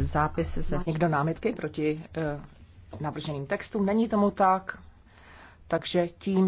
zápisy se... Někdo námitky proti eh, navrženým textům? Není tomu tak, takže tím